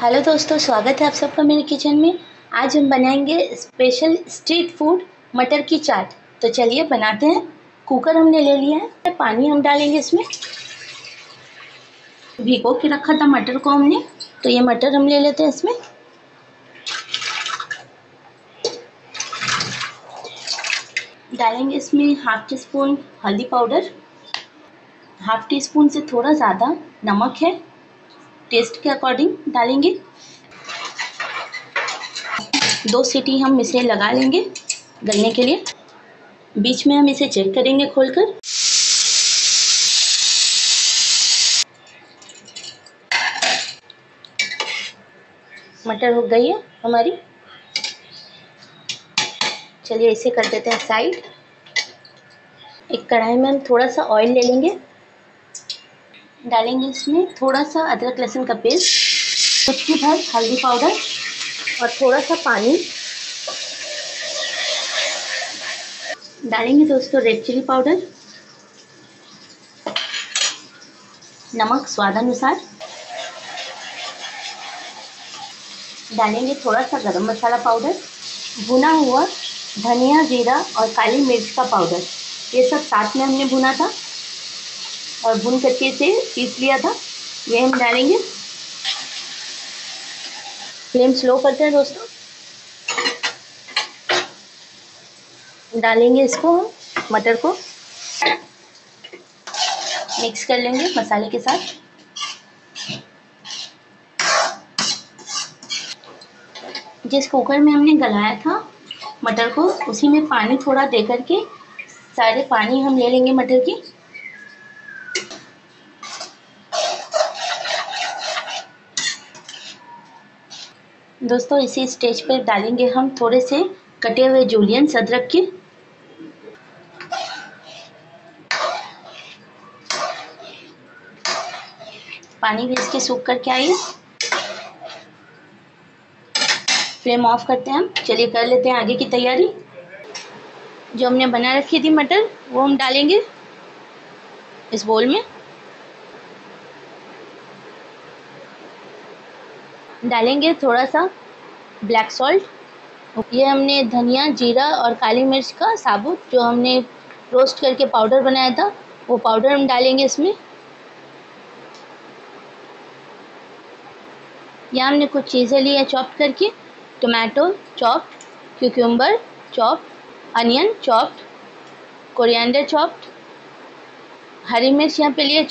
hello दोस्तों स्वागत है आप सबका मेरे किचन में आज हम बनाएंगे स्पेशल स्ट्रीट फूड मटर की चाट तो चलिए बनाते हैं कुकर हमने ले लिया है पानी हम डालेंगे इसमें भिगो के रखा था मटर को हमने तो ये मटर हम ले लेते हैं इसमें डालेंगे इसमें हाफ टी स्पून हल्दी पाउडर हाफ टी स्पून से थोड़ा ज़्यादा नमक है टेस्ट के अकॉर्डिंग डालेंगे दो सीटी हम इसे लगा लेंगे गलने के लिए बीच में हम इसे चेक करेंगे खोलकर मटर हो गई है हमारी चलिए इसे कर देते हैं साइड एक कढ़ाई में हम थोड़ा सा ऑयल ले लेंगे डालेंगे इसमें थोड़ा सा अदरक लहसुन का पेस्ट उसके भर हल्दी पाउडर और थोड़ा सा पानी डालेंगे दोस्तों रेड चिली पाउडर नमक स्वाद अनुसार डालेंगे थोड़ा सा गरम मसाला पाउडर भुना हुआ धनिया जीरा और काली मिर्च का पाउडर ये सब साथ में हमने भुना था और भून करके इसे पीस लिया था ये हम डालेंगे फ्लेम स्लो करते हैं दोस्तों डालेंगे इसको हम मटर को मिक्स कर लेंगे मसाले के साथ जिस कुकर में हमने गलाया था मटर को उसी में पानी थोड़ा दे करके सारे पानी हम ले लेंगे मटर की दोस्तों इसी स्टेज पर डालेंगे हम थोड़े से कटे हुए जूलियन अदरक के पानी भी इसके सूख करके आइए फ्लेम ऑफ करते हैं हम चलिए कर लेते हैं आगे की तैयारी जो हमने बना रखी थी मटर वो हम डालेंगे इस बोल में डालेंगे थोड़ा सा ब्लैक सॉल्ट ये हमने धनिया जीरा और काली मिर्च का साबुत जो हमने रोस्ट करके पाउडर बनाया था वो पाउडर हम डालेंगे इसमें यहाँ हमने कुछ चीज़ें ली है चॉप करके tomato chopped cucumber chop onion chopped coriander chopped हरी मिर्च यहाँ पे लिए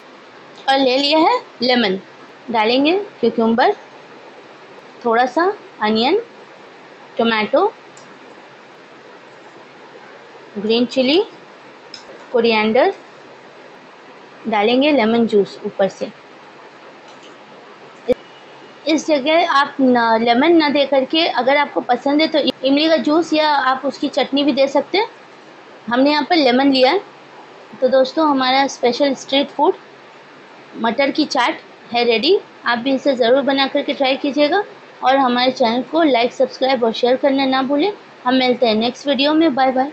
और ले लिया है लेमन डालेंगे क्यूक्यूम्बर थोड़ा सा onion tomato green chilli coriander डालेंगे लेमन जूस ऊपर से इस जगह आप न, लेमन ना दे करके अगर आपको पसंद है तो इमली का जूस या आप उसकी चटनी भी दे सकते हैं हमने यहाँ पर लेमन लिया तो दोस्तों हमारा स्पेशल स्ट्रीट फूड मटर की चाट है रेडी आप भी इसे ज़रूर बना करके ट्राई कीजिएगा और हमारे चैनल को लाइक सब्सक्राइब और शेयर करना ना भूलें हम मिलते हैं नेक्स्ट वीडियो में बाय बाय